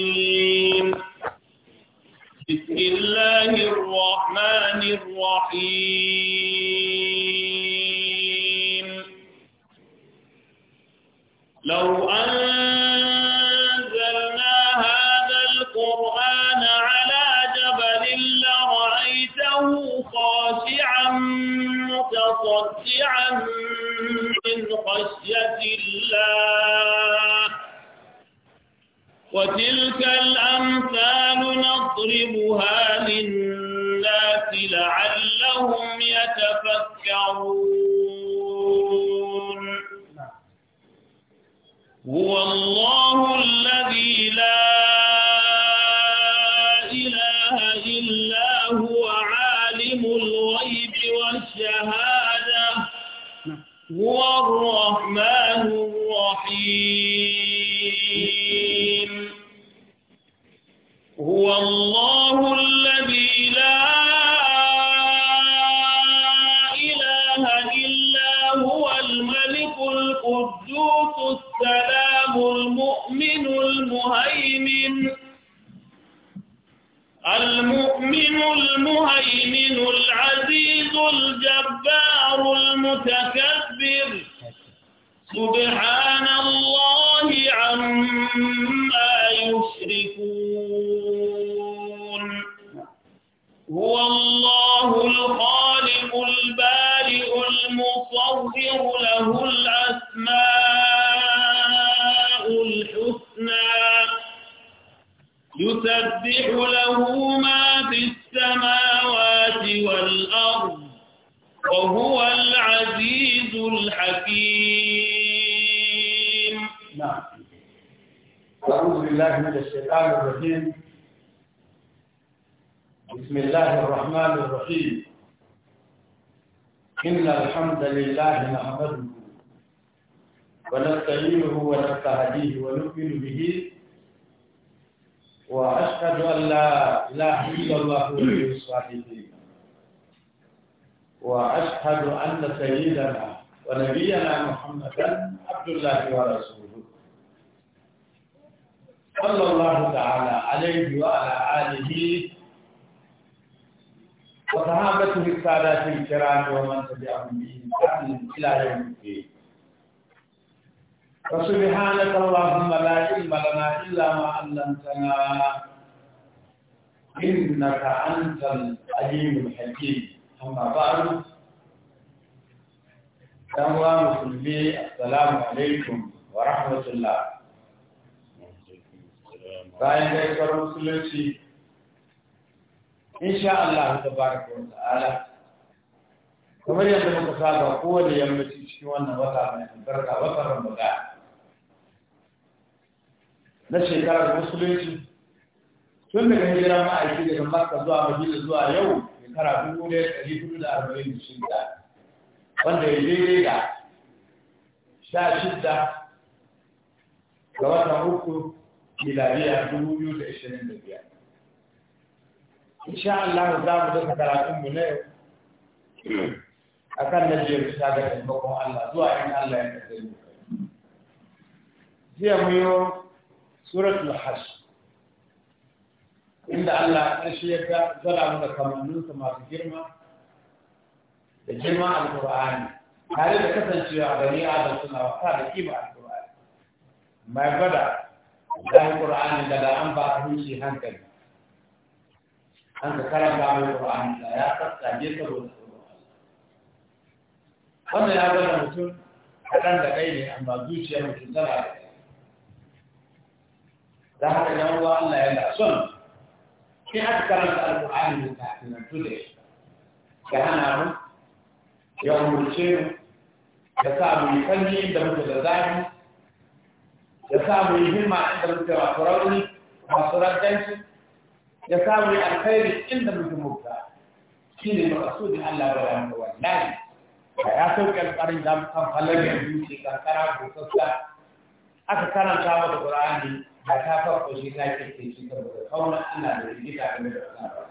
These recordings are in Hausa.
الرجيم بسم الله الرحمن الرحيم لو أن الأمثال نضربها للناس لعلهم الله الخالق البارئ المصور له لله نحمده ونستعينه ونستهديه ونؤمن به وأشهد أن لا إله إلا الله وحده لا وأشهد أن سيدنا ونبينا محمدا عبد الله ورسوله صلى الله تعالى عليه وعلى آله وصحابته السادات الكرام ومن تبعهم بإحسان إلى يوم الدين فسبحانك اللهم لا علم لنا إلا ما علمتنا إنك أنت العليم الحكيم أما بعد يا مسلمي السلام عليكم ورحمة الله bayan gaisuwar musulunci insha Allah tabaraka wa ta'ala kamar yadda muka saba kowane yammaci cikin wannan wata mai albarka watan Ramadan na shekarar musulunci tun daga hijira ma'aiki daga Makka zuwa Madina zuwa yau shekara dubu ɗaya ɗari hudu da arba'in da shida wanda ya daidai da sha shida ga watan uku miladiya dubu biyu da ashirin da biyar insha Allah za mu duka karatun mu ne akan na je bisa ga taimakon Allah zuwa in Allah ya kace mu jiya mu yo suratul hash inda Allah ya shi ya zala mu da kamanninsa masu girma da girma alqur'ani tare da kasancewa gani adam suna wasa da kima alqur'ani mai gwada da alqur'ani an ba a hankali أنت كلام بعض القرآن الآيات تستهجيك بالنسبة قلنا يا أبدا مسلم حسن لكي أما دوش يا مسلم لا حتى جمع الله أن لا يلا سن في حد كلام بعض القرآن من تحت من تدش كهنا يوم مرشين يسعب يفنجي إذا مجدزاني يسعب يهما إذا مجدزاني ما صرت جنسي ya samu ya alkhairi inda mutum mubta shine maqsudin Allah wa Wannan, wallahi ya sauke alƙarin da kan falaga kankara ko sassa aka karanta wa Qur'ani da ta farko shi ta ke ce shi saboda kauna Allah da rigita game da Allah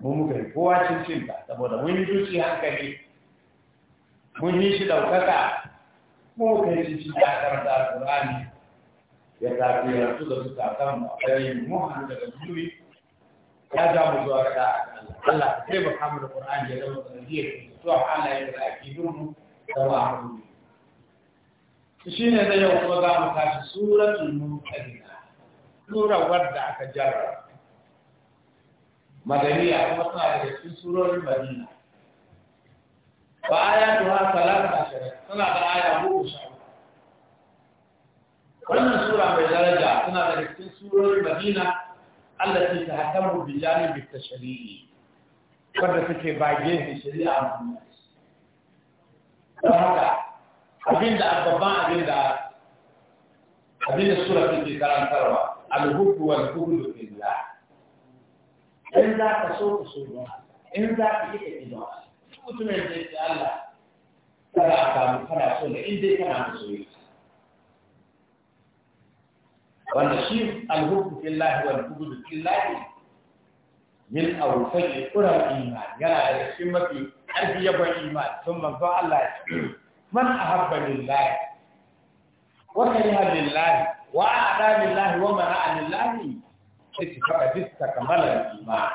mu muka yi kowa cin cin ta saboda mun yi zuci hankali mun yi shi daukaka mu kai yi cin cin ta karanta Qur'ani ya yanzu da suka samu a bayan muhan daga juri ya za mu zuwa ga Allah ta kai baka mu da Qur'ani ya zama sanadiyar su a halayen da ake durmu da ba mu shi ne zai yau kuma za mu tashi suratul mumtahina sura wadda aka jarra madaniya kuma suna daga cikin surorin madina ba a yadda tuha salata shirin, suna da aya goma sha wannan sura mai daraja suna daga cikin surorin madina allati tahtamu bi janibi tashri'i wanda suke bage da shari'a musulunci don haka abinda babban abinda abinda sura take karantarwa al-hubbu wal bughdu fillah in za ka so ka so don in za ka yi ka yi don mutumin da ya Allah kada a samu kana so da in dai kana so yi wanda shi alhukmu fillahi wal hudu fillahi min awfaqi qural iman yana da cikin mafi ƙarfi yabon iman sun manzo Allah ya ce man ahabba lillahi wa kariha lillahi wa a'da lillahi wa mana'a lillahi sai ka fiska kamalar iman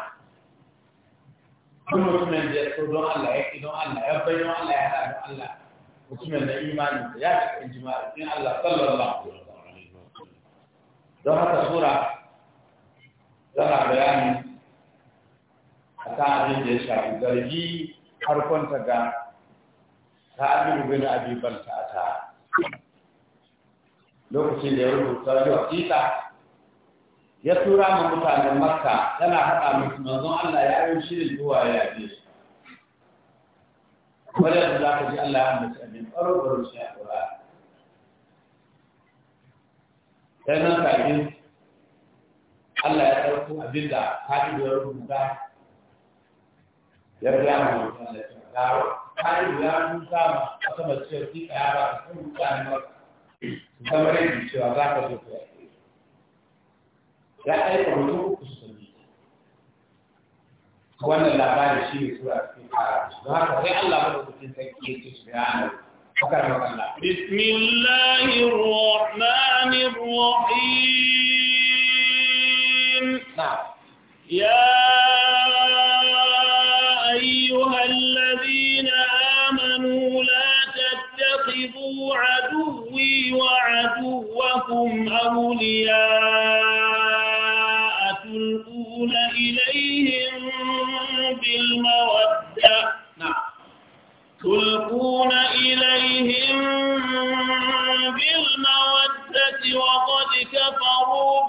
duk mutumin da ya so don Allah ya ƙi don Allah ya bai don Allah ya haɗa don Allah mutumin da imanin da ya ci kan jima'a in Allah sallallahu alaihi wa sallam don haka sura tana bayani a kan abin da ya shafi zargi harkonta ga ta abin bin abiban ta ta lokacin da ya rubuta yau kita ya tura ma mutanen makka tana haɗa musu manzon Allah ya yi shirin zuwa ya yabe shi wadda za ka ji Allah ya ambaci abin ɓaro ɓaro shi a ƙura sai nan kafin Allah ya ɗauko abin da rubu rubuta ya ga mu da dawo ka'idar rubuta ma a sama cewa ki ya ba ka rubuta ne ba kamar yadda cewa za ka zo ka ya aika mutum uku su sami wannan labarin shi ne sura ta fara don haka sai Allah ba madaukakin sai ya ce su ya hana بسم الله الرحمن الرحيم نعم يا تلقون إليهم بالمودة وقد كفروا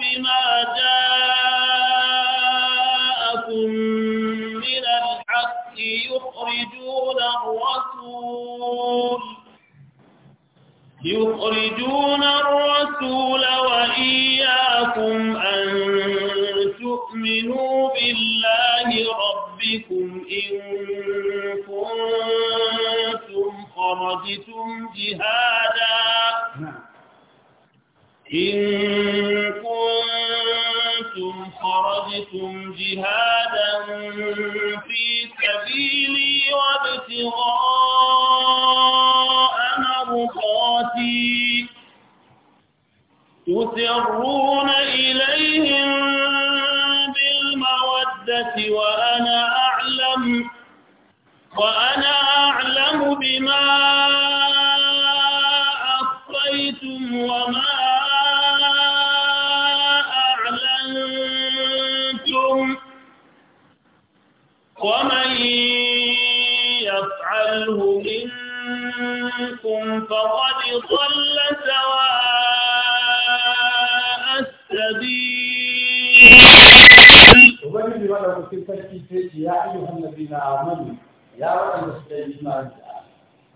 يا أيها الذين آمنوا يا رب السلام عليكم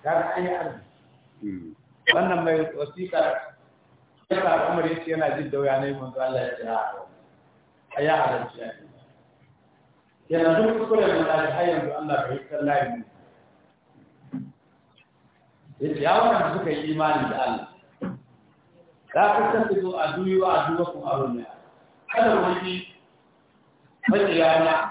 كان أي أرض wannan mai wasiƙa yana umar yace yana jin da wayanai manzo Allah ya ce a ya halarci ya yana duk kuskure da Allah har yanzu Allah bai sallahi yi yace ya wannan suka yi imani da Allah za ku tattazo a duniya a duniya kuma abun ne kada wani majiyana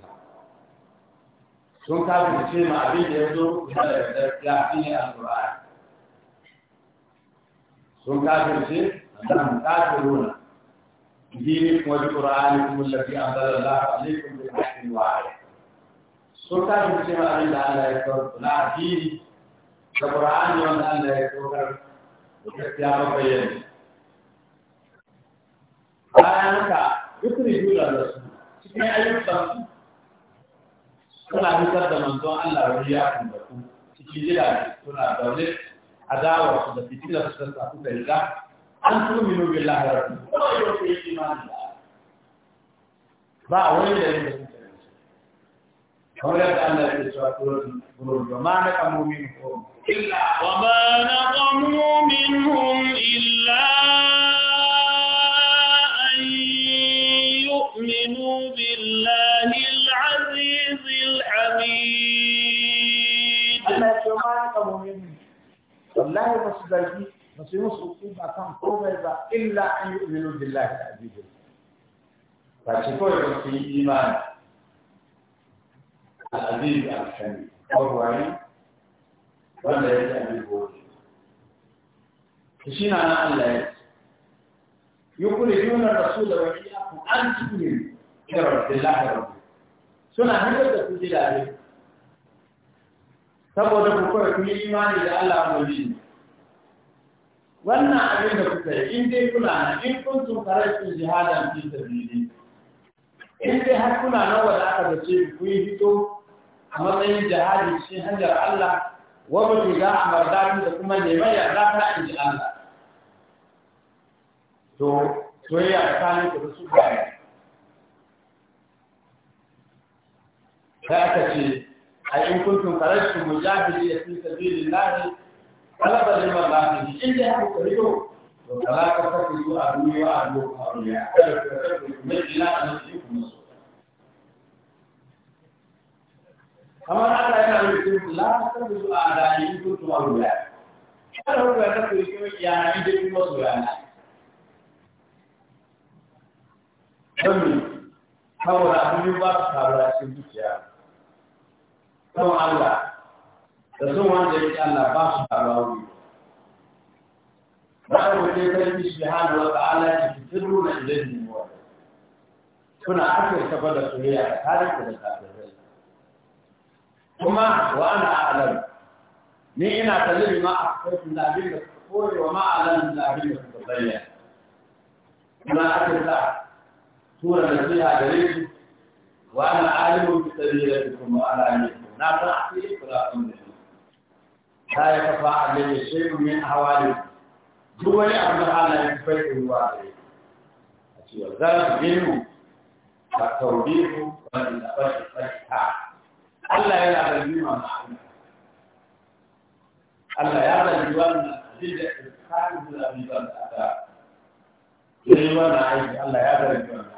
sun kafin ce ma abin da ya zo na daga gaskiya shi ne alƙur'ani sun kafin ce nan kafiruna dini kuma bi qur'ani kuma lafi anzalallahu alaikum bil haqqi wa sun kafin ce ma abin da Allah ya kawo na dini da qur'ani wanda Allah ya kawo da gaskiya ba yanzu, bayan haka yukuri jula da su cikin ayyukan su suna fitar da manzon Allah wani ya da ku cikin gidaje suna zaune adawar su da fitilar su ta kuka riga an tuminu lahara rabbi kuma yau ku yi imani da ba wani da yake kamar yadda Allah ya ce cewa turun burun ba ma na kamu min ko illa wa ma na kamu min hum illa wallahi ba su zargi ba su yi musu ba kan komai ba illa an yi umilu billahi da azizul ba ce kawai ba su yi imani al'aziz al-shani kawai wanda ya yi abin gobe shi na na Allah ya ce yukhrijuna da wani wa iyyakum an tu'minu bi rabbillahi rabbikum suna hanyar da su jira ne saboda ku kawai kun yi imani da Allah mu yi wannan abin da kuka yi in dai kula na in kun sun karatu jihadan fi sabili in dai har kula na wanda aka zace ku yi fito a matsayin jihadi cikin hanyar Allah wa ku za a mardatu da kuma neman yarda ta in ji Allah to soyayya tsakanin ku da su ba ta aka ce a in fara su mujahidi fi sabilillah talabar liman lafi cikin da haka kariyo to talaka ta ku zuwa duniya a duniya a duniya kada ku ku mai a nan ku musu Kamar Allah yana rubuta la ta ku zuwa a duniya ku tuwa duniya kada ku ga ku yi ya na ide ku musu ya na don saboda abin ba su faruwa cikin zuciya don Allah da sun wanda ya ce Allah ba su faruwa wuri ba da wajen sarki shi hana wa ta'ala ya ce sirru na idan ne wa suna aka yi saba da soyayya da tarihi da kafirai kuma wa ana a'lam ni ina kalli ma a kai da abin da suka kore wa ma'alan da abin da suka bayyana kuma aka sa tura nasiha gare su وانا عالم بسبيلتكم وانا عليكم لا تعطي فلا امنه la ya kafa abin da shi min hawali duk wani abu da Allah ya kafa ya ruwa dai a cewa za su yi mu ka taube ku wani da ba shi ta. Allah ya da jima ma na abin Allah ya da yi wani na abin da ya kafa da abin da aka. da yi wani na aiki Allah ya da yi na aiki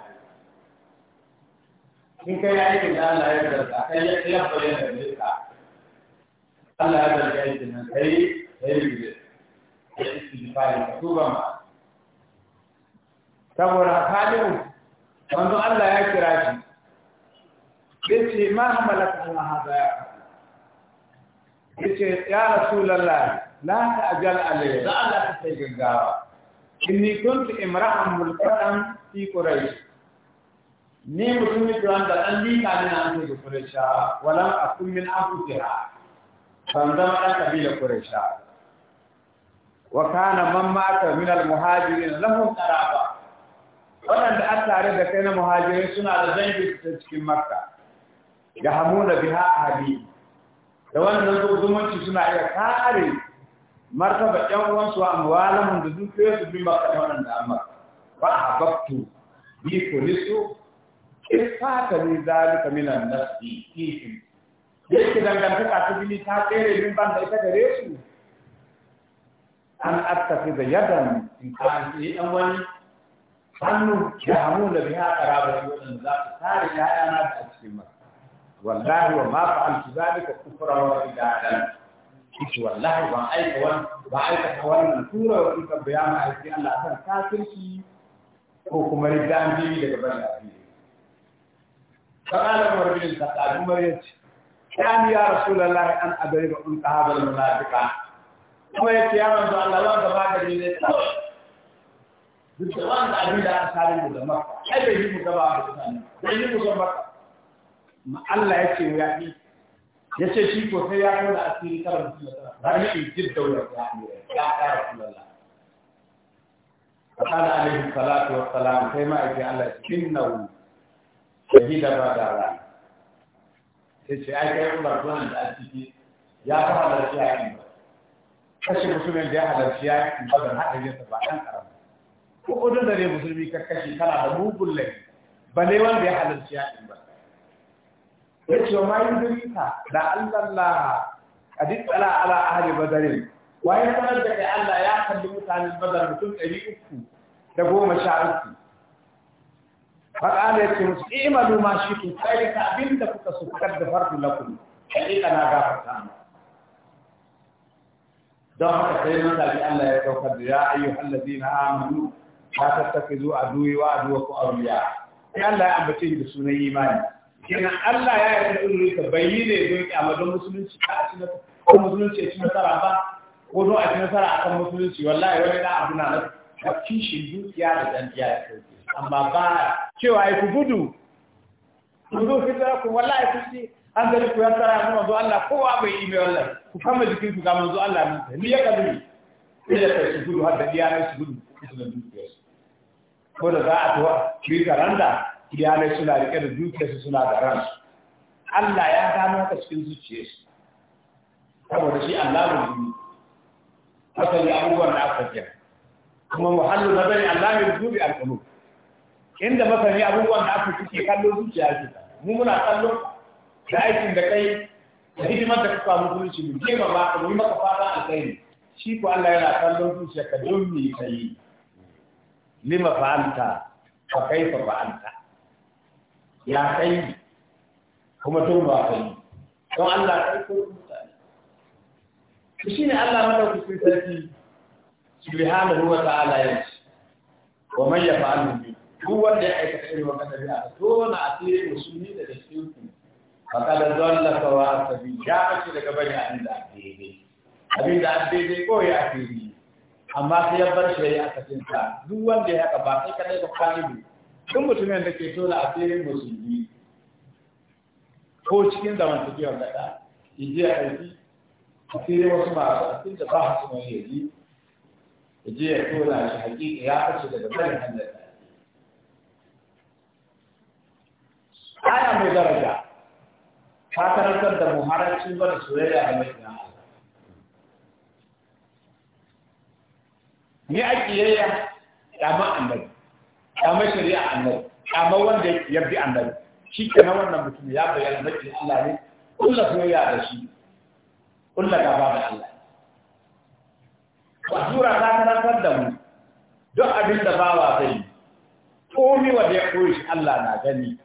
in kai ya da yi ka kai ya kai ya kai ya kai ya Allah ya zargi aikin nan kai a kai rigide da istighfari ka tuba ma saboda halimu manzo Allah ya kira shi yace ma hamalaka ma hada yace ya rasu rasulullah la ta'jal alayya da Allah ka sai gaggawa inni kuntu imra'an mulkadan fi quraish ni mutumin da an da an lika ne an ce da quraisha wala akun min afusiha ban zama ɗan ƙabilar Quraysha wa kana man mata min al muhajirin lahum qaraba waɗanda an tare da kai na muhajirin suna da dangi ta cikin makka ya hamuna biha ahadi da wannan zumunci suna iya kare martaba ƴan uwansu wa amwalahum da su bi makka da wannan da amma wa hababtu bi kulisu ifata ni zalika min an-nafsi fi da yake dangantaka ta jini ta tsere min ban da ita gare su an attafi da yadan in kashi dan wani hannu ya hamu da biya karaba shi wadanda za su tare ya'yana da a cikin masa wallahi wa ma fa'altu zalika kufra wa idadan kici wallahi ban aika wannan ba aika wannan tura wa kika bayana aiki Allah san kan kirki. ko kuma ridan bibi daga ban lafiya فقال عمر بن الخطاب عمر yace. كان يا رسول الله أن أدرك أن هذا المنافق أنا ثم يتيام أن الله لا تبع كذي الله يتيام يا أخي يسوع في كوفة يا أخي لا أثير كلام رسول الله فقال عليه الصلاة والسلام كما أتي الله إنه شهيد بدران sai ce ai kai ba ruwan da a ciki ya fa halarci yakin ba kashe musulmin da ya halarci ya yakin ba da haɗarin sa ba ɗan ƙarami ko ƙudun da ne musulmi ka kashe kana da mugun laifi ba ne wanda ya halarci ya yakin ba ya ce wa mayu dirita da allah a duk tsala ala ahali badarin waye sanar da kai allah ya kalli mutanen badar mutum ɗari uku da goma sha uku فقال يتم اعملوا ما شئتم ذلك أبين دفك سكر da لكم حقيقة أنا غافر kenan Allah ya yarda bayyane don kyamadon musulunci a cikin ko musulunci a ci nasara ba ko don a ci nasara a kan musulunci wallahi wani na abu na na kishi dukiya da dan ya ya amma ba cewa ya fi gudu ku fi fitara ku wala ku ci an zari ku yan tsara kuma zo Allah kowa bai yi mai wallahi ku kama jikin ku gama zo Allah mun ni ya kabiri sai da kai su gudu har da iyalai su gudu su da dukiyar ko da za a tuwa shi da iyalai suna rike da dukiyar su suna da ransu Allah ya gano haka cikin su saboda shi Allah ne zuwa asali abubuwan da aka kira kuma muhallu nazari Allah ne zuwa alƙalu inda masani abubuwan da aka suke kallo zuciya ce mu muna kallo da aikin da kai da hidimar da ka samu zuci mu ke ba ka mu maka fata kai shi ko Allah yana kallon zuciya ka don me kai lima fa'anta, fa kaifa fa'alta ya kai kuma to ba kai don Allah kai ko mutane shi ne Allah madaukakin sarki subhanahu wa ta'ala ya wa man yafa'alu duk wanda ya aikata irin wannan dabi'a da tona a tsere da da cikin ku faka da zalla sawa asabi ya bace daga bari abin da daidai abin da daidai ko ya asiri amma sai ya bar shi a kasin sa duk wanda ya haka ba sai kadai ba ne, duk mutumin da ke tona a tsere asirin musulmi ko cikin da ta, yaje ya aiki tsere wasu masu asirin da ba su mai yaji yaje ya tona shi hakika ya bace daga bari hannun aya mai daraja fatarantar da mu harancin soyayya a mai gina ni a kiyayya kyamar annabi kyamar shari'a annabi kyamar wanda ya bi annabi shi ke na wannan mutum ya bayyana mafi Allah ne kulla soyayya da shi kulla gaba da Allah ba zura ta karantar da mu duk abin da wa zai yi komi da ya koyi shi Allah na gani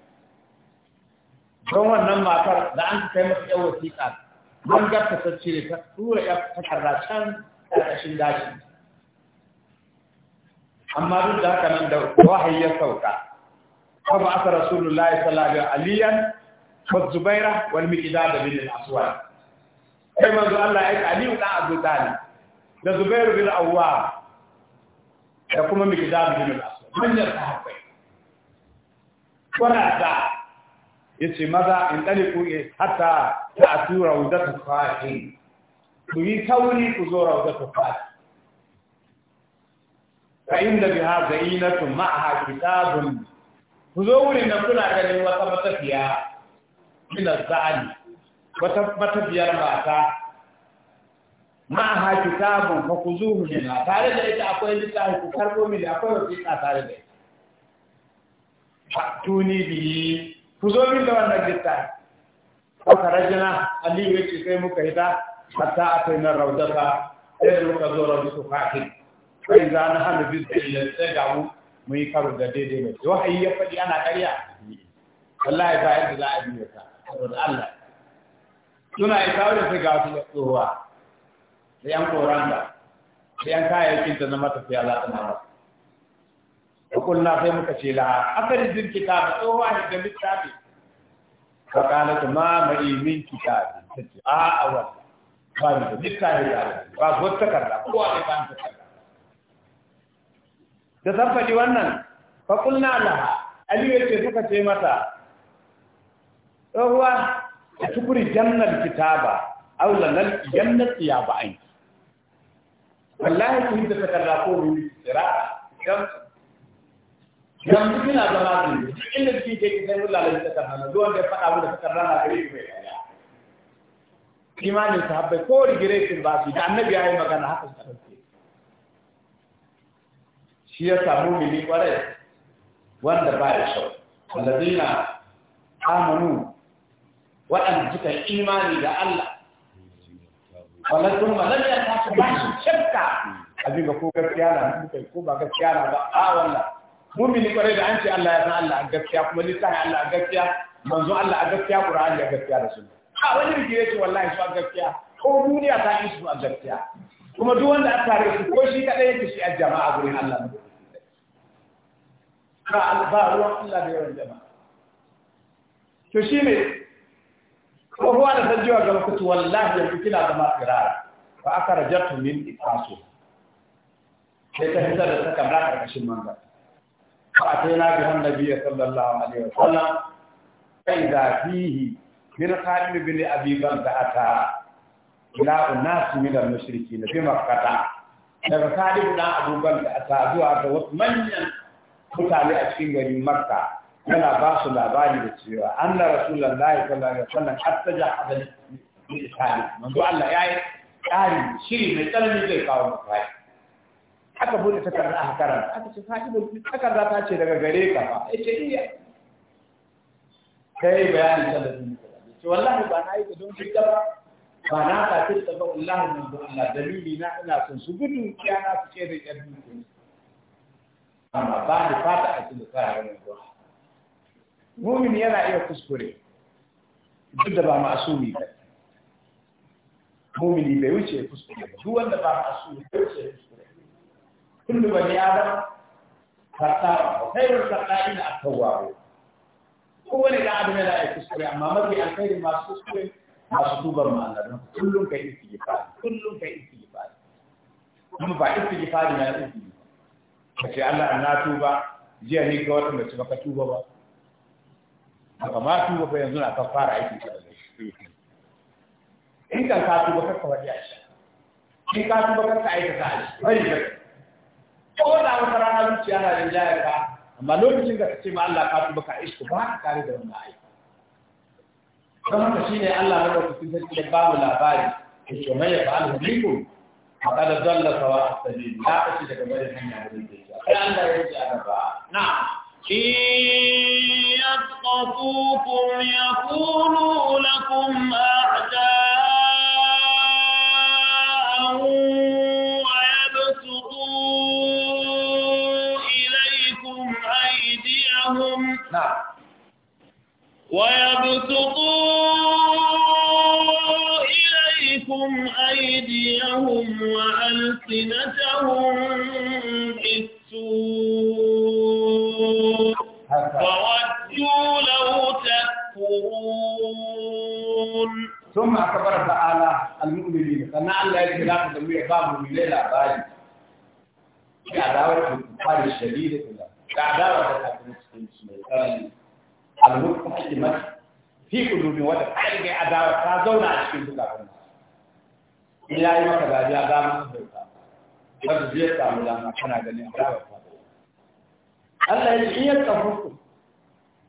don wannan matar da an kai masa yan wasiƙa don garta ta cire ta tura ya takarda can ƙarƙashin daji amma duk da haka nan da wahayi ya sauka Kuma aka rasulullahi sallallahu alaihi aliyan wa zubaira wal da bin al-aswad kai manzo Allah ya aliyu da Abu dali da Zubairu bin Awwam da kuma miqdad bin al-aswad manyan sahabbai da. yace maza in daliku hatta ta'tu rawdatu fahi ku yi tauri ku zo rawdatu fahi fa inda biha zainatu ma'aha kitabun ku zo wurin da kuna ganin wata matafiya ila za'ani wata matafiyar mata ma'aha kitabun fa ku zuhu na tare da ita akwai littafi ku karbo da akwai wasiƙa tare da ita Fatuni bihi ku zo min da wannan littafi ko karajina aliyu yace sai muka ta, hatta na rawdata sai muka zo su fatin sai za na da ilil sai ga mu mu yi karo da daidai mai yi ya faɗi ana ƙarya wallahi ba yadda za a biyo ta saboda Allah suna yi wurin sai ga wasu tsohuwa da yan koranta da yan kayayyakin ta na matafiya za ta na wasu وقلنا في مكشيلها أخرج الكتاب أوه جنب الكتاب فقالت ما معي من كتاب آه أول فاهم بالكتاب يا رب فاهم تكرر هو اللي فاهم تكرر da san faɗi wannan faƙulna laha aliyu ce suka ce mata tsohuwa da tukuri jannar kitaba aula nan jannar tsiya ba an wallahi ku da takarda ko biyu tsira yanzu kina zama da ni duk inda kike ke ki sai mun lalace ta karana zuwan da faɗa mu da karana gare ki mai kaya kimanin sahabbai ko rigiretin ba su da annabi ya yi magana haka ta ɗauke shi ya samu mini kwarai wanda ba ya shau wallazina amanu waɗanda suka imani da Allah wannan sun ma lam ya ta ba shi shakka abin ba ko gaskiya na ko ba gaskiya na ba a wannan mumini kwarai da an ce Allah ya san Allah a gaskiya kuma littafin Allah a gaskiya manzo Allah a gaskiya Qur'ani a gaskiya da sunna a wani rigi yace wallahi su a gaskiya ko duniya ta yi su a gaskiya kuma duk wanda aka tare su ko shi kadai yake shi a jama'a gurin Allah ba ba ruwan Allah da yawan jama'a to shi ne ko huwa da sajjawa ga lokaci wallahi yanzu kina zama tsirara fa aka rajatu min iqasu sai ta fitar da ta kamar karkashin manzara فأتينا بها النبي صلى الله عليه وسلم فإذا فيه من خالد بن أبي بلتة أتى إلى الناس من المشركين في مكة daga Sadi na abubuwan da a zuwa ga wasu manyan mutane a cikin garin Makka yana ba su labari da cewa an na Rasulun Lahi sallallahu alaihi wasallam har ta ja da Isali. Manzo Allah ya yi ƙari shiri mai tsanani zai kawo mutane. aka bude takarda aka karanta aka ce sahibul takarda ta ce daga gare ka ba ya ce iya kai bayanin salafin ce wallahi ba na yi da don fita ba ba na ta ce ba wallahi mun da Allah dalili na ina son su gudu ya na su ce da yadda amma ba ni fata a cikin tsara wannan ba mumin yana iya kuskure duk da ba ma'asumi ba mumini bai wuce kuskure ba duk wanda ba ma'asumi bai wuce kuskure كل بني آدم خطاء وخير الخطائين التوابون هو اللي قاعد لا يكسر أما ما في الخير ما تكسر ما تدوبر مع الله كلهم كاستغفار كلهم كاستغفار هم بعد استغفار ما يستغفر kace Allah na tuba jiya ne ga wata mace baka tuba ba haka ma tuba ba yanzu na fara aiki da in kan ka tuba ka kawai ya shi ko da wata rana zuciya na rinjaya ka amma lokacin da ka ce ma Allah ka tuba ka isku ba ka kare da wannan aiki don haka shine Allah ya rubuta cikin da mu labari ke ce mai ya fa'al hukum faqad dalla sawa as-sabil la kashi daga bayan hanya da yake sai Allah ya ce a gaba na'am يثقفوكم يكونوا لكم أعداء نعم ويبسطوا إليكم أيديهم وألسنتهم بالسوء وودوا لو تكفرون ثم أخبر تعالى المؤمنين فما أن لا يتلاقى تنويع بعضهم إلى بعض في عداوة الكفار الشديدة adawa da kafin cikin su mai tsanani alhukum hakimat fi qulubin wa ta a adawa ta zauna a cikin zukatan in yi maka dariya za mu dauka wanda zai samu dama kana ganin adawa ta Allah ya yi yadda kafuku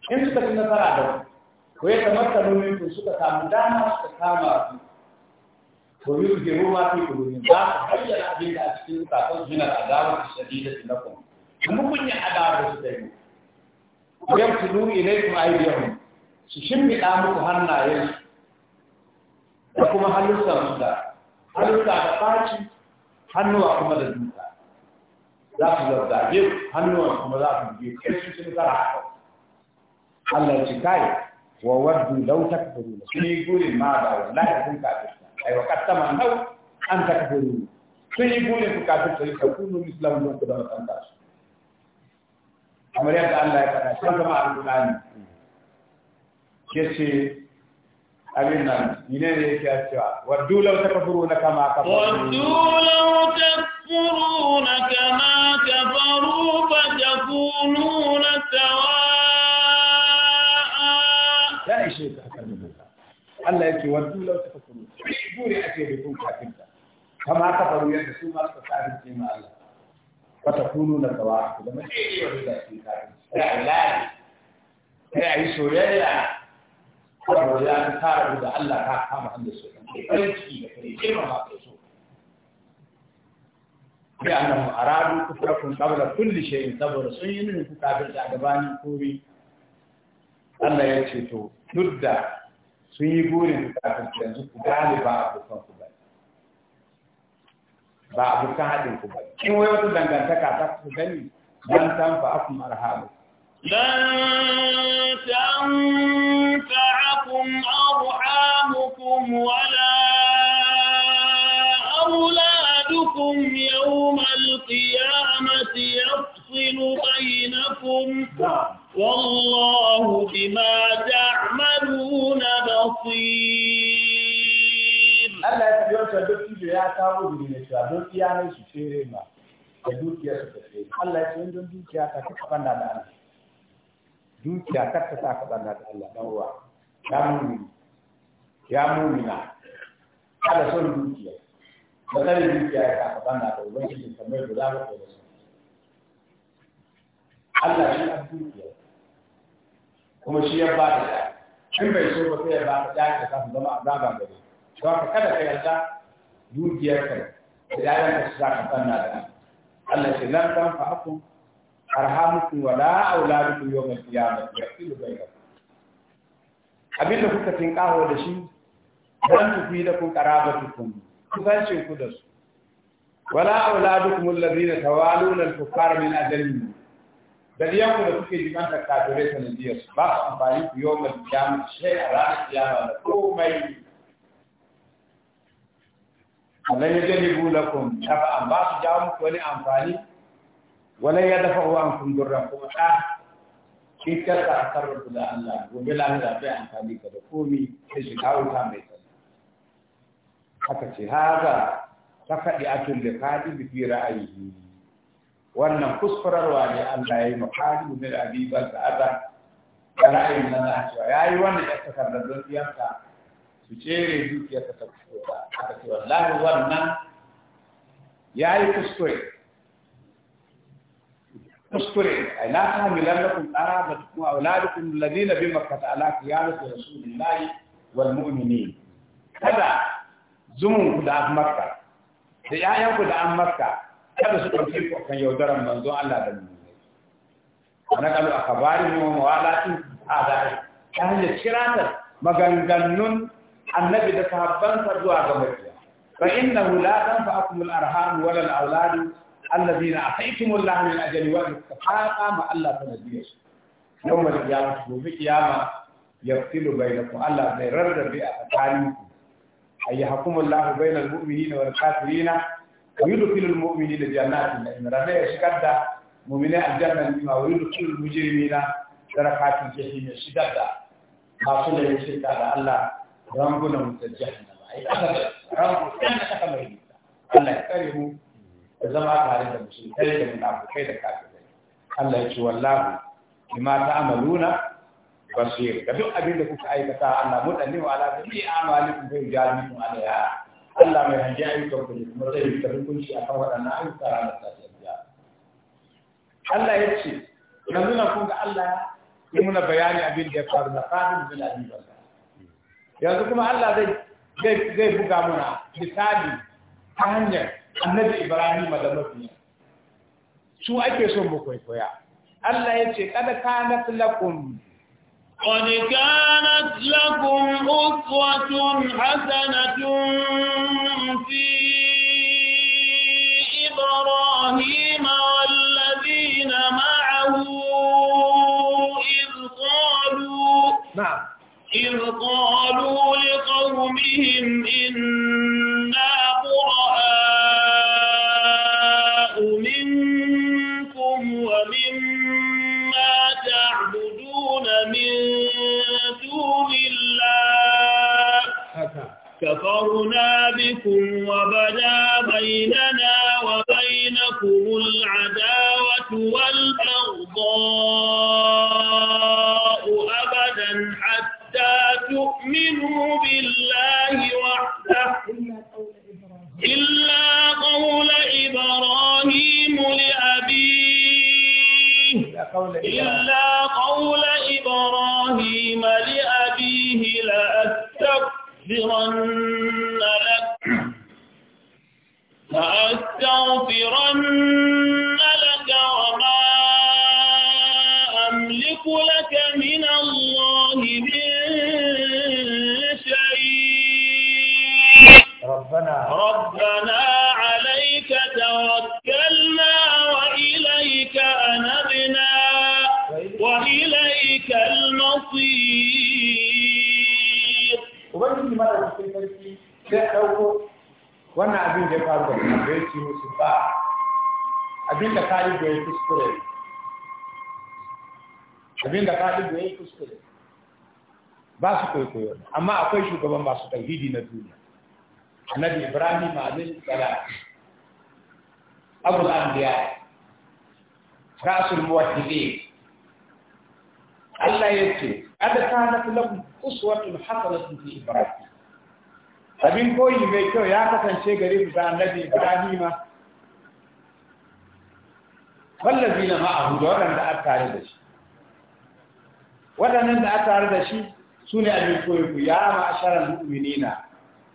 in suka ci nasara da ku ko ya kamata nuni ku suka samu dama suka kama su, ko yi ruwa fi qulubin ba ku bayyana abin da a cikin zukatan jinar adawa shadidatu lakum mugunya adawa su da yi yam tulu ilaikum aydiyahum su shimfiɗa muku hannayen da kuma hannunsa da hannunsa da faci hannuwa kuma da duka za su zazzage hannuwan kuma za su biyu kai su sun zara haka Allah ci kai wa waddu law takfuruna sun yi gurin ma ba wallahi kun kafirta ai wa qattama law an takfuruna sun yi gurin ku kafirta ku kunu mislamu don ku da matanta su kamar yadda Allah ya faɗa can zama alƙur'ani yace abin nan ne ne yake cewa waddu law na kama ka kafaru waddu law na kama kafaru fa na sawaa ya ishe ka hakan ne Allah yake waddu law takfuruna buri ake da kun kafirta kama ka faru yadda su ma suka kafirce ma Allah فتكونون كواحد لما تيجي يقول لك لا لا لا لا لا إيه، إيه، إيه، لأنهم أرادوا كفركم قبل كل شيء قبل سنين كافر تعدباني كوري الله يتشيطو ترد سنين كوري كافر تنزل غالبا أبو فانكو بأي ba abokan haɗin ku ba in wai wata dangantaka ta ku gani dan tanfa akum arhamu lan tanfa'akum arhamukum wala أولادكم يوم القيامة يفصل بينكم والله بما تعملون بصير Allah ya tafi wancan duk ya kawo gudu ne cewa don iyayen su fere ma da dukiyar su ta fere Allah ya ce don dukiya ta kaka banda da Allah dukiya kar ta sa ka banda da Allah dan uwa ya mumina ya na kada son dukiya ba tare dukiya ya kaka banda da ubangiji kamar da za mu koyi Allah shi ya dukiya kuma shi ya ba da in bai so ba sai ya ba da ya ka zama azaba gare shi don ka kada ka yarda dukiyarka da yayanka su za ka tsanna da Allah ce lan kan fa akum arhamukum wala auladukum yawm al-qiyamah yaqilu bainakum abinda kuka tinkaho da shi dan ku fi da kun karabatukum kusancin ku da su wala auladukum alladhina tawaluna al-kuffar min adalin da diyan da kuke jiban da kafirai sanadiyar ba su amfani ku yawm al-qiyamah shay a ranar kiyama da komai lan yajlibu lakum nafa'an ba su jawo muku wani amfani wala ya dafa wa an kun durran kuma ta shi karka akar rabu da Allah gobe lahira bai amfani ka da komi sai shi kawo ta mai tsari haka ce haza ta faɗi atul da kadi bi ra'ayi wannan kuskurarwa ne Allah ya yi makalibu da abibar da azar da ra'ayin nan na cewa ya yi wannan ya takardar don yanka su tsere dukiyarsa ta kuskure aka ce wallahi wannan ya yi kuskure kuskure ai la tahmilan lakum aradakum auladukum alladhina bi makkah ala qiyamati rasulillahi wal mu'minin kada zumun ku da makka da yayan ku da an makka kada su dauke ku kan yaudaran manzon Allah da mu ana kalu akhbarihim wa mawalatin ada ta hanyar kiratar maganganun annabi da sahabbansa zuwa ga majiya fa innahu la tanfa'akum al-arham wala al-awlad alladhina ataytum Allah min ajli wa istafaqa ma Allah ta tanzilu yawm al-qiyamah gobe kiyama yaftilu bainakum Allah zai rarrabe a tsakaninku ay yahkumu Allah bainal mu'minina wal kafirina wa yudkhilu al-mu'minina jannatin na'im rabe ya shigar da mu'mina aljanna bima wa yudkhilu al-mujrimina darakatin jahim ya shigar da masu da ya shirka da Allah rangunan ta jahannama ai aka rangunan ta kama kamar Allah ya kare mu da zama tare da musulmai da munafukai da kafirai Allah ya ce wallahi bima ta'maluna basir da duk abin da kuka aikata Allah mudanni wa ala bi amalikum bi jami'u alaiha Allah mai hanji ayyukan ku ne kuma zai yi hukunci akan waɗannan ayyuka ranar tashin Allah ya ce yanzu na kun ga Allah ya muna bayani abin da ya faru na qadim bin abin bakr yanzu kuma Allah zai zai buga muna misali ta hanyar annabi Ibrahim da mabiya su ake son mu kwaikwaya Allah ya ce kada kanat lakum قد كانت لكم أسوة حسنة في قالوا توحيد نبينا النبي ابراهيم عليه السلام ابو الانبياء راس الموحدين الله يكتب قد كانت لكم اسوه حصلت في ابراهيم فمن كل بيت يا كان شيء غريب ذا النبي ابراهيم والذين معه دولا ذا التاريخ ولا ننسى التاريخ su ne abin koyi ku ya ma'asharar mu'minina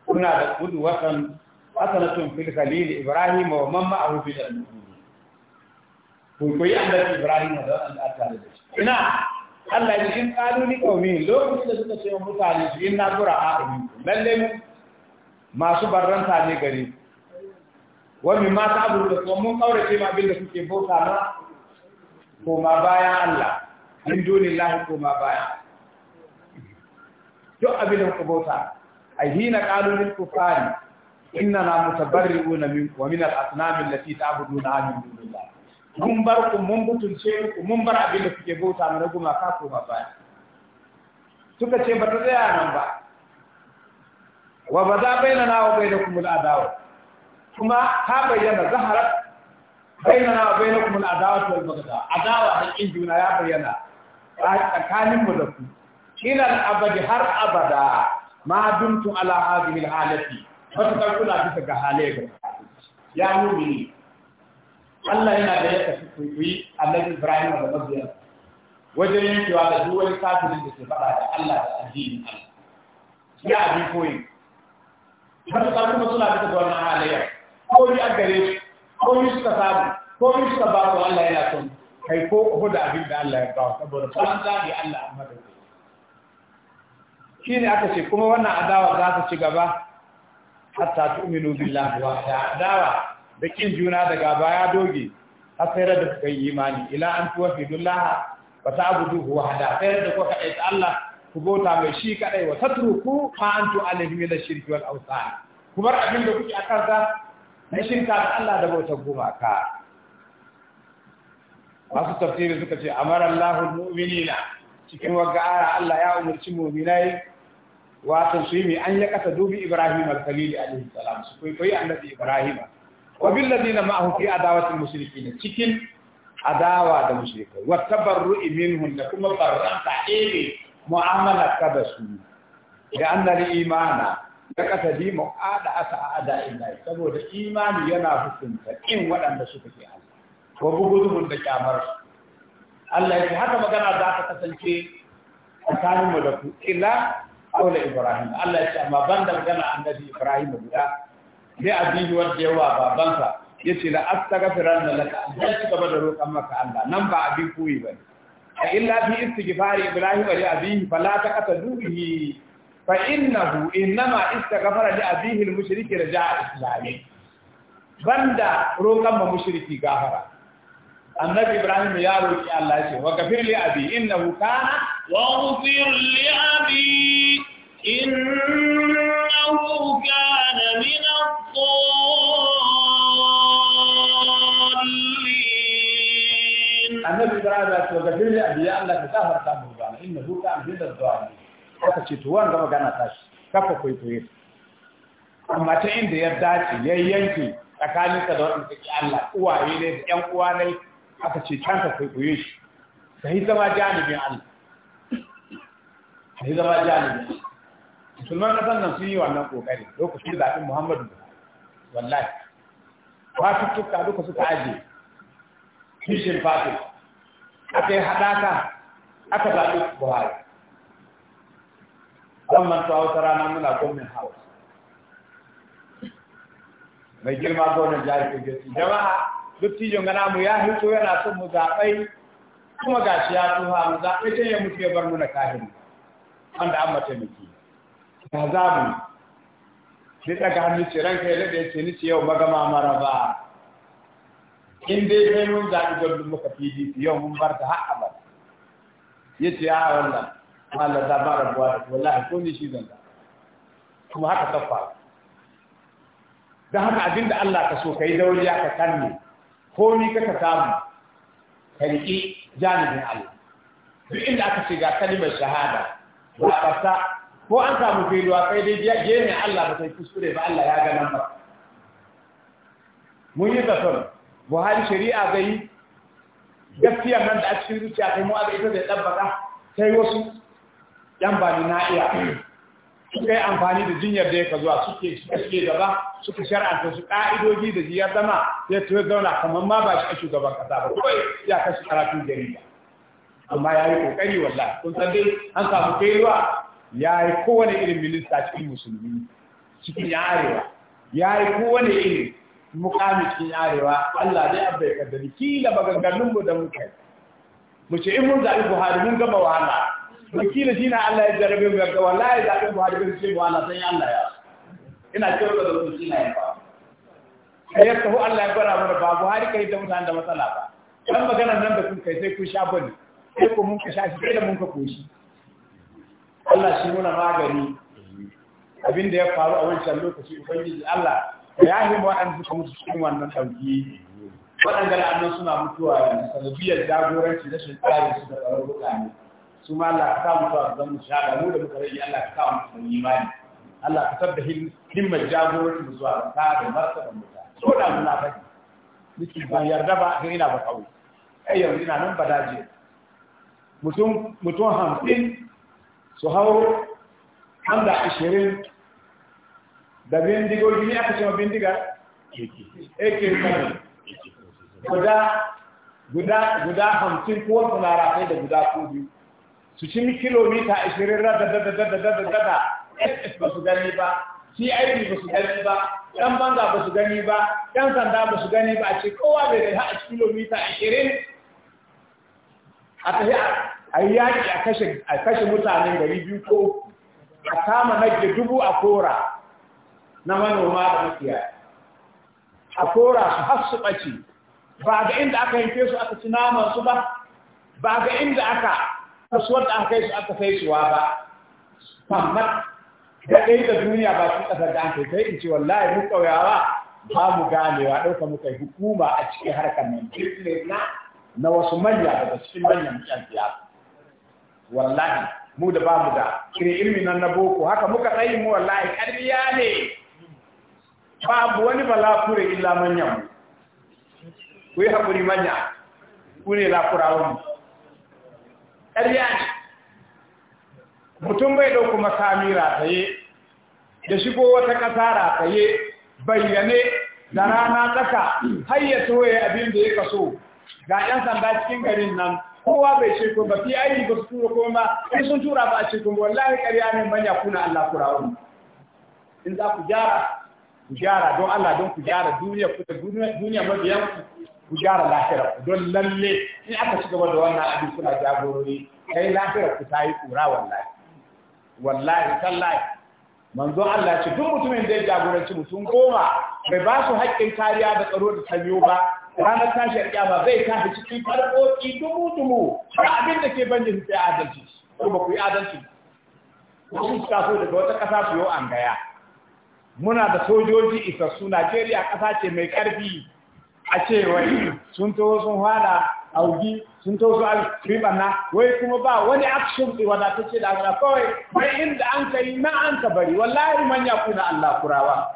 kuna da kudu wasan asanatun filkali da ibrahim wa man ma'ahu fil da muminin ku koyi annabi ibrahim da Allah tare da shi ina Allah ya in kalu ni qaumi lokacin da suka ce mutane su na a ku. lalle mu masu barranta ne gare wani mata abu da kuma mun ce ma abin da suke bauta ma koma bayan Allah min lahi koma bayan duk abin ku bauta ai hina qalu lil kufari innana mutabarri'una minkum wa min al-asnam allati ta'buduna min dunillah mun bar ku mun butulce ku mun bar abin da kuke bauta na ruguma ka ko ba ba suka ce ba ta tsaya nan ba wa bada na wa kum al-adawa kuma ta bayyana zaharat na wa kum al-adawa wal baghdha adawa hakin juna ya bayyana tsakanin mu da ku إلى الأبد هر أبدا ما دمت على هذه الحالة فتقول لا تسقى حالك يا مؤمن الله إنا ذلك في الذي إبراهيم هذا مزيان وجرين في هذا هو الكافر الذي سبق الله الدين يا أبي كوي فتقول لا تسقى حالك هو يأجريش هو يستثاب هو يستثاب الله يلاكم هيكو هدى بالله الله يبقى فلنزل يا مدرسي shine aka ce kuma wannan adawa za ta ci gaba hatta tu'minu billahi ta adawa da kin juna daga baya doge har sai da kuka yi imani ila an tuwafidullah wa huwa hada sai da kuka aita Allah ku bauta mai shi kadai wa tatruku ma antu alayhi min ash-shirki wal awsan kuma abin da kuke akan sa na shirka da Allah da bautar gumaka wasu tafsiri suka ce amara Allahul mu'minina cikin wagara Allah ya umarci mu'minai wato su yi an ya kasa dubi ibrahim al-khalil alaihi salam su kai kai annabi ibrahim wa bil ladina ma'ahu fi adawati mushrikin cikin adawa da mushrikai wa tabarru'i minhum da kuma barranta ebe mu'amala ka da su da annal imana da kasadi mu'ada asa ada illa saboda imani yana hukunta in waɗanda suka ke Allah wa buguduhum da kyamar Allah ya haka magana za ta kasance mu da ku kaula Ibrahim Allah ya ce amma ban da magana annabi Ibrahim guda sai addini wanda ya wa babansa yace ran da laka Allah ya gaba da roƙan maka Allah nan ba abin koyi bane fa illa fi istighfari Ibrahim li abihi fala taqatuluhi fa innahu innama istaghfara li abihi al-mushriki raja'a islami banda roƙan ma mushriki gafara annabi ibrahim ya roƙi Allah ya ce wa gafir li abi innahu kana wa ghfir li abi إنه كان من الضالين النبي تعالى وغفر لي أبي الله كتاهر كامل قال إنه كان من الضالين haka ce to wanda magana ta shi kafa kwaikwaye amma ta inda ya dace ya yanke tsakaninka da wanda kake Allah uwaye ne da ƴan uwa ne aka ce can ka kwaikwaye shi sai zama janibin Allah sai zama janibin Allah musulman ƙasar nan sun yi wannan ƙoƙari lokacin zaɓen muhammadu wallahi fatuttuka duka suka aje kishin fatu aka yi haɗaka aka zaɓi buhari don mantuwa wata rana muna gomin house mai girma jari ko kogi jama'a duk tijon gana mu ya hito yana son mu zaɓai kuma gashi ya tuha mu zaɓai can ya mutu ya bar muna kahin wanda an mataimaki ta zamu sai daga hannu ce ranka ya lade ce ni ce yau magama mara ba in dai kai mun zaɓi gwamnati muka pdp yau mun bar ta har ba ya ce ya wanda ma'ala za ba rabuwa da wallahi ko ni shi zan kuma haka ta faru don haka abin da Allah ka so ka yi dauriya ka kanne ko ni ka samu ka riƙi janibin Allah duk inda aka ce ga kalimar shahada ba a ko an samu filuwa kai dai je ne Allah ba sai kuskure ba Allah ya ga nan ba mun yi zaton buhari shari'a zai gaskiya nan da a cikin zuciya kai mu aka ita zai dabbaka. sai wasu yan bani na iya kai amfani da jinyar da yaka zuwa suke suke gaba suka shar'anta su ka'idoji da jiyar zama ya tuwa zauna kamar ma ba shi a shugaban kasa ba kawai ya kashi karatun jarida amma ya yi kokari wallahi kun san dai an samu kaiwa ya yi kowane irin minista cikin musulmi cikin yarewa? ya yi kowane irin mukami cikin yarewa Allah dai abba ya kaddari kila maganganun mu da muka mu ce in mun zaɓi Buhari mun gama wahala mu kila shi na Allah ya jarabe mu ga wallahi zaɓi Buhari mun ce wahala sai Allah ya ina cewa da su shi na ya fa sai ya taho Allah ya bara mana ba Buhari kai da mutane da matsala ba dan maganar nan da kun kai sai kun sha bani sai ku mun ka sha shi sai da mun ka koshi Allah shi muna magani abin da ya faru a wancan lokaci ubangiji Allah ya yi waɗanda suka mutu cikin wannan ɗauki waɗanda la'annan suna mutuwa yanzu sanadiyar jagoranci rashin tsari su da tsaron mutane su ma Allah ka sa mutuwa zan mu shaɗa mu da muka rage Allah ka sa mu san imani Allah ka tabda himmar jagoranci mu zuwa ta da martaba mutane so da muna faɗi nake ban yarda ba ga ina ba kawai ai yanzu ina nan ba daje mutum mutum hamsin su hau handa ashirin da bindigogi ne aka cewa bindiga? ake sami guda guda guda hamsin ko wasu larafai da guda kudi su cin kilomita ashirin radadadadadadadada ss ba su gani ba cid ba su gani ba ɗan banga ba su gani ba ɗan sanda ba su gani ba a ce kowa bai da haɗa kilomita ashirin a tafi a yaƙi a kashe mutanen gari biyu ko a kama nage dubu a kora na manoma da makiya a kora su har su ɓace ba ga inda aka yanke su aka ci naman su ba ba ga inda aka kasuwar da aka kai su aka sai suwa ba fammat da ɗaya da duniya ba su ƙasar da an kai sai in ce wallahi mu ƙauyawa ba mu ganewa ɗauka muka hukuma a cikin harkar nan na wasu manya daga cikin manyan mutane siyasa wallahi mu da bamu da kire ilmi nan na boko haka muka tsayi mu wallahi ƙarya ne babu wani bala kure illa manyan ku yi haƙuri manya ku ne lakurawan ƙarya ne mutum bai ɗauku makami rataye da shigo wata ƙasa rataye bayyane da rana tsaka har ya soye abin da ya kaso ga 'yan sanda cikin garin nan kowa bai ce ko ba PID ba su tura kuma in sun tura ba a ce kun wallahi ƙarya ne manya kuna Allah ku rawo in za ku gyara ku gyara don Allah don ku gyara duniya ku da duniya mabiyan ku ku gyara lafiyar ku don lalle in aka ci gaba da wannan abin kuna jagorori kai lafiyar ku ta yi kura wallahi wallahi tallahi manzo Allah ce duk mutumin da ya jagoranci mutum goma bai ba su haƙƙin kariya da tsaro da sanyo ba ranar tashiyar kyama zai tashi cikin farkoki dumu-dumu har abin da ke su sai adalci ko ba ku yi adalci wasu su taso daga wata ƙasa su yau an gaya muna da sojoji isassu najeriya ƙasa ce mai ƙarfi a ce wai sun taho sun hada augi sun taho sun ribanna wai kuma ba wani action ɗi ce da aka kawai mai inda an kai na an ka bari wallahi manya kuna allah kurawa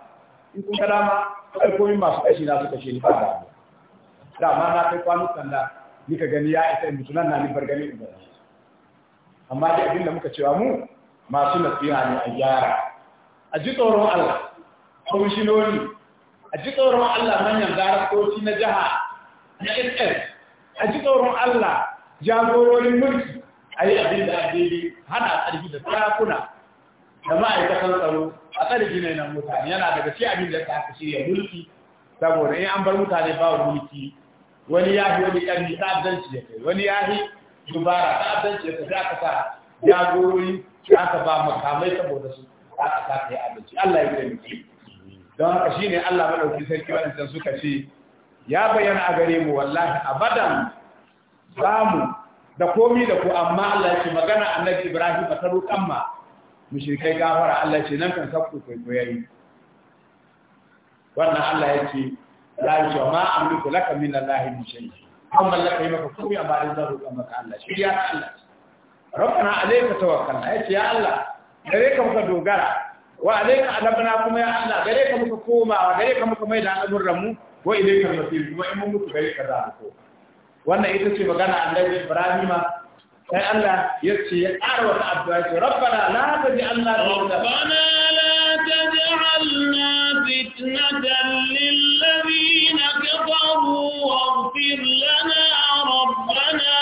in kun kada ma ƙarfomin masu kashi na su kashe ni ba da ma na kai sanda ni ka gani ya isa mutu nan na ni bar gani in amma dai abin da muka cewa mu masu nasiha ne a gyara a ji tsoron Allah kwamishinoni a ji tsoron Allah manyan darakoci na jiha na SS a ji tsoron Allah jagororin mulki a yi abin da adili hana tsarki da sarakuna da ma'aikatan tsaro a tsarki ne nan mutane yana daga ce abin da ta shirya mulki saboda in an bar mutane ba mulki wani ya fi wani ƙarfi ta'addanci ya kai wani ya fi dubara ta'addanci ya kai aka sa jagorori aka ba makamai saboda su aka sa kai abinci Allah ya taimake don haka shine Allah madauki sarki wannan suka ce ya bayyana a gare mu wallahi abadan mu da komi da ku amma Allah ya ce magana annabi Ibrahim ba ta roƙan ma mushrikai gafara Allah ya ce nan kan sakku kwaikwayayi wannan Allah ya ce la yusha ma amliku laka min Allah min shay amma laka yi maka komai amma dan zaro kan maka Allah shi ya Allah rabbana alayka tawakkalna yace ya Allah gare ka muka dogara wa alayka adabna kuma ya Allah gare ka muka koma gare ka muka mai da al'amuran mu wa ilayka al-masir kuma in mun mutu gare ka za mu wannan ita ce magana Annabi Ibrahim sai Allah ya ce ya ƙara wata addu'a ce rabbana la taj'alna rabbana la taj'alna fitnatan lil واغفر لنا ربنا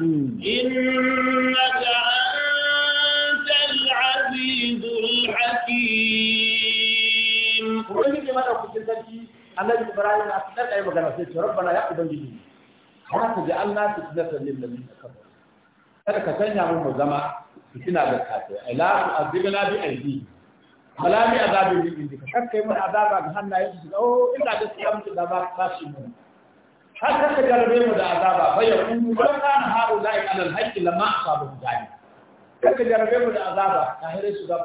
إنك أنت العزيز الحكيم وإنك ما أخذ النبي إبراهيم أكثر أي مجانا سيتي ربنا يا أبنجي ولا تجعلنا فتنة للذين كفروا kada ka sanya mu zama fitina da kafir ila azibna bi aidi wala mi azabi bi ka kakka yi mana azaba ga hannayen su oh inda da su yamsu da ba ba shi mu har kakka jarabe mu da azaba bai ya kun ba kana haula in alal haqqi lama asabu jani kakka jarabe mu da azaba kahire su da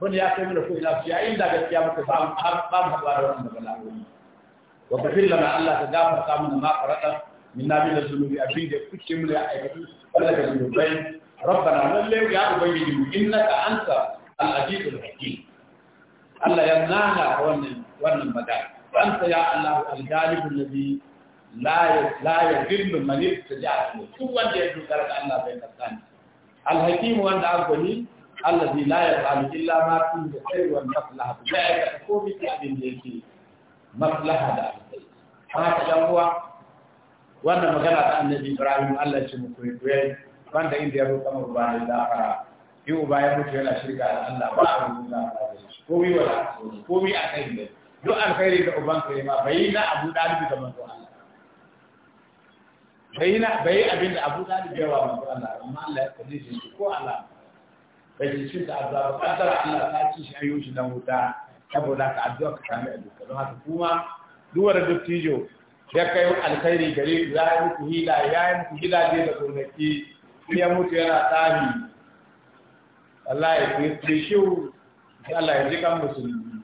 wani ya kai mana ko ina su yayin da gaskiya muka ba mu ba mu haɗuwa da wannan bala'o'i wa kafir lana Allah ta gafarta mana ma farada min nabi da zunubi abin da kuke mu da aikatu Allah ka zunubai ربنا ولله يا ربي انك انت العزيز الحكيم Allah ya nana wannan wannan magana fanta ya Allah al-galib alladhi la la yadhillu man su. su wanda ya dogara ga Allah bai kasance al-hakim wanda agwani alladhi la yaf'alu illa ma kunta khayr wa maslaha da ya ka ko bi abin da yake maslaha da haka dan uwa wannan magana ta annabi Ibrahim Allah ya ce mu koyi koyi wanda inda ya roƙa mu ba da lahara yau ya mutu yana shirka da Allah ba a rubuta da komi wala komi a kai ne duk alkhairi da uban kai ma bai na abu dalibi ga manzo Allah bai na bai abin da abu dalibi ya wa manzo Allah amma Allah ya kalle shi ko Allah bai ji shi da azaba kadar Allah ta ci shi ayo shi dan wuta saboda ka addu'a ka sami addu'a don haka kuma duk duk dottijo ya kai alkhairi gare ku ya yi muku hila ya yi muku gidaje da gonaki ya mutu yana tsami. wallahi ku yi shiru Allah ya ji kan musulmi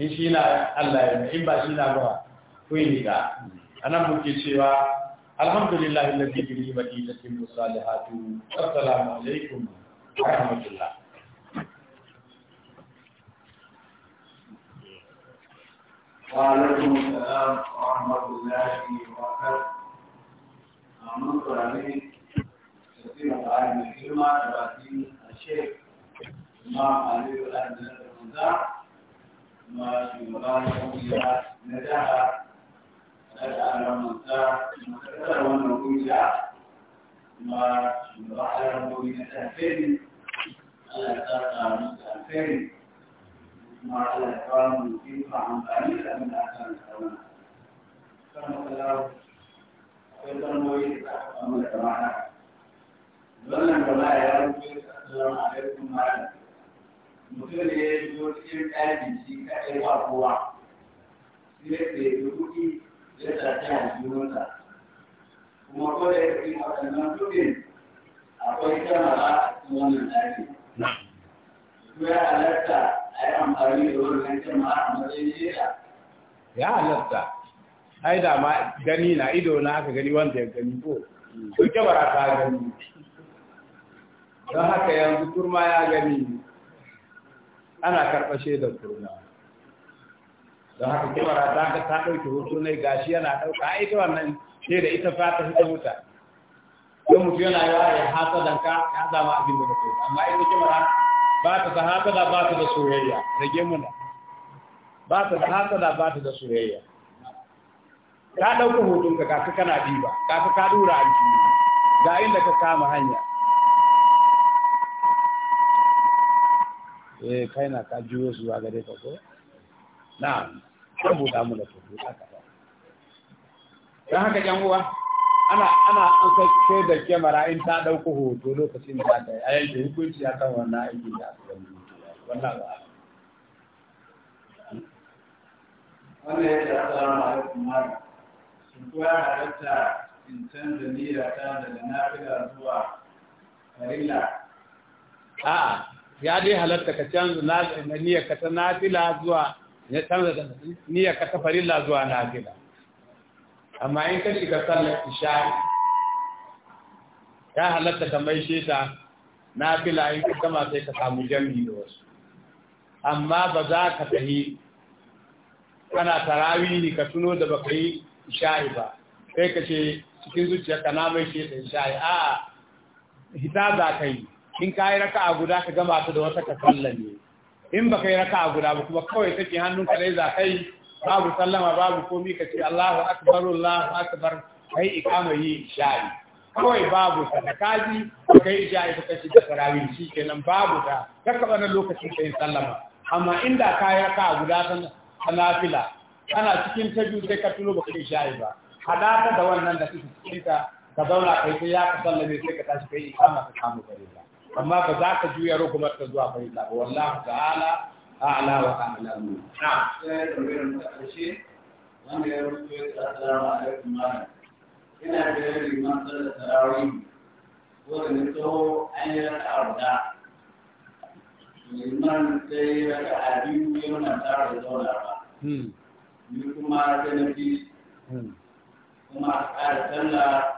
in shi na Allah ya in ba shi na ba ku yi da anan muke cewa alhamdulillahi alladhi bi musa tatimmu salihatu assalamu alaikum wa rahmatullah وعليكم السلام ورحمة الله وبركاته. من قرانين كثير من العالم الكلمة تبعتين الشيخ مع علي وأهل الخزاع مع شمال الأولياء نجاح نجاح المنزاع مكتبة والنبوية مع شمال الأولياء تهفين على أساس مستهفين مع الأسرار المسيطة عن قليلة من أحسن السلام كما قالوا فالتنوي أمر كما نحن ظلا كما يا رب السلام عليكم ورحمة الله mutum ne ya zo cikin ɗaji shi kaɗai ba kowa sai ya ɗebi kuɗi ya tafi a junansa kuma ko da ya ɗebi waɗannan kuɗin akwai kyamara a cikin wannan ɗaji ko ya halatta a yi amfani da wannan kyamara a matsayin shaida ya halatta ai da ma gani na ido na aka gani wanda ya gani ko ko kyamara ta gani don haka yanzu kurma ya gani ana karɓa shaidar suna don haka kimara ta ka ta ɗauki hutu ne gashi yana ɗauka a ita wannan shaida ita fa ta wuta don mutu yana yawa ya hasa ka ya zama abin da mutu amma ita kimara ba ta da hasa da ba ta da soyayya rage muna ba ta da hasa da ba ta da soyayya ka ɗauka hutun ka kasu kana diba kasu ka ɗura jini ga inda ka kama hanya Ee, eh, kai na ka juyo zuwa gare ka na an buɗa mu da fito aka ba dan haka yan uwa ana ana an sai da in ta dauko hoto lokacin da ta yi a yanke hukunci akan wannan aiki da aka yi wannan ba wannan ya ce assalamu kuma, malam ya halatta in canza niyyata daga nafila zuwa farilla a'a ya dai halatta ka canza na niyyar ka ta nafila zuwa ya canza niyyar ka ta farilla zuwa nafila amma in ka shiga sallar isha ya halatta ka mai sheta nafila in ka gama sai ka samu jami'i da wasu amma ba za ka tahi kana tarawi ne ka tuno da baka yi isha'i ba sai ka ce cikin zuciya kana mai sheta isha'i a hita za ka yi in ka yi raka guda ka gama ta da wata ka sallame in ba ka yi raka guda ba kuma kawai take hannun ka dai za kai babu sallama babu komi ka ce Allahu akbar Allahu akbar kai ikama yi shayi kawai babu ta da kaji kai shayi ka kashi da tarawih shi kenan babu ta kaka wannan lokacin kai sallama amma inda ka yi raka a guda ta nafila kana cikin ta biyu sai ka tuno ba kai shayi ba hadata da wannan da kake cikin ta ka zauna kai sai ya ka sallame sai ka tashi kai ikama ka samu gare amma ba za ka juya rukuma ta zuwa bai ba wallahi ta'ala a'la wa a'la mu na sai da karshe wanda ina da liman ko da ni to an yi A da liman sai ya a biyu yana tare da zauna ba hmm. ni kuma sai na bi hmm. kuma a ƙara sallah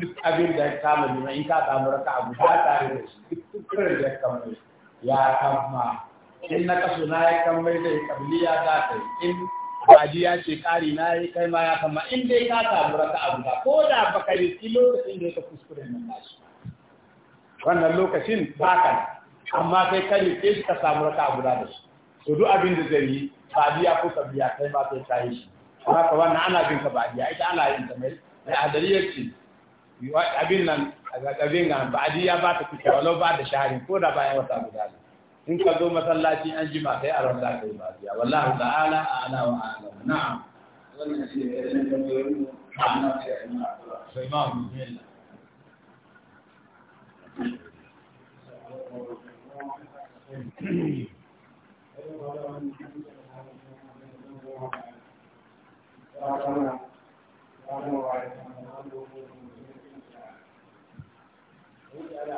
duk abin da kama nuna in ka samu raka abu ba tare da shi duk dukkan da kama ya kamma, in na kaso na ya kama da kabiliya za ta yi in ya ce kari na ya kai ma ya kama in dai ka samu raka abu ba ko da baka yi ki lokacin da ya ka kuskure nan nashi wannan lokacin ba ka amma sai kari ke shi ka samu raka abu da shi to duk abin da zai yi bajiya ko kabiliya kai ma sai ka yi shi haka wannan ana bin ka bajiya ita ana yin ta mai mai adariyar ce abin nan abin nan ba'adi ya ba ta kuce walau ba da shari ko da bayan wata guda ne in ka zo masallaci an jima kai a rasa kai ba biya wallahi ta'ala a ana wa ana na'am ce Thank you.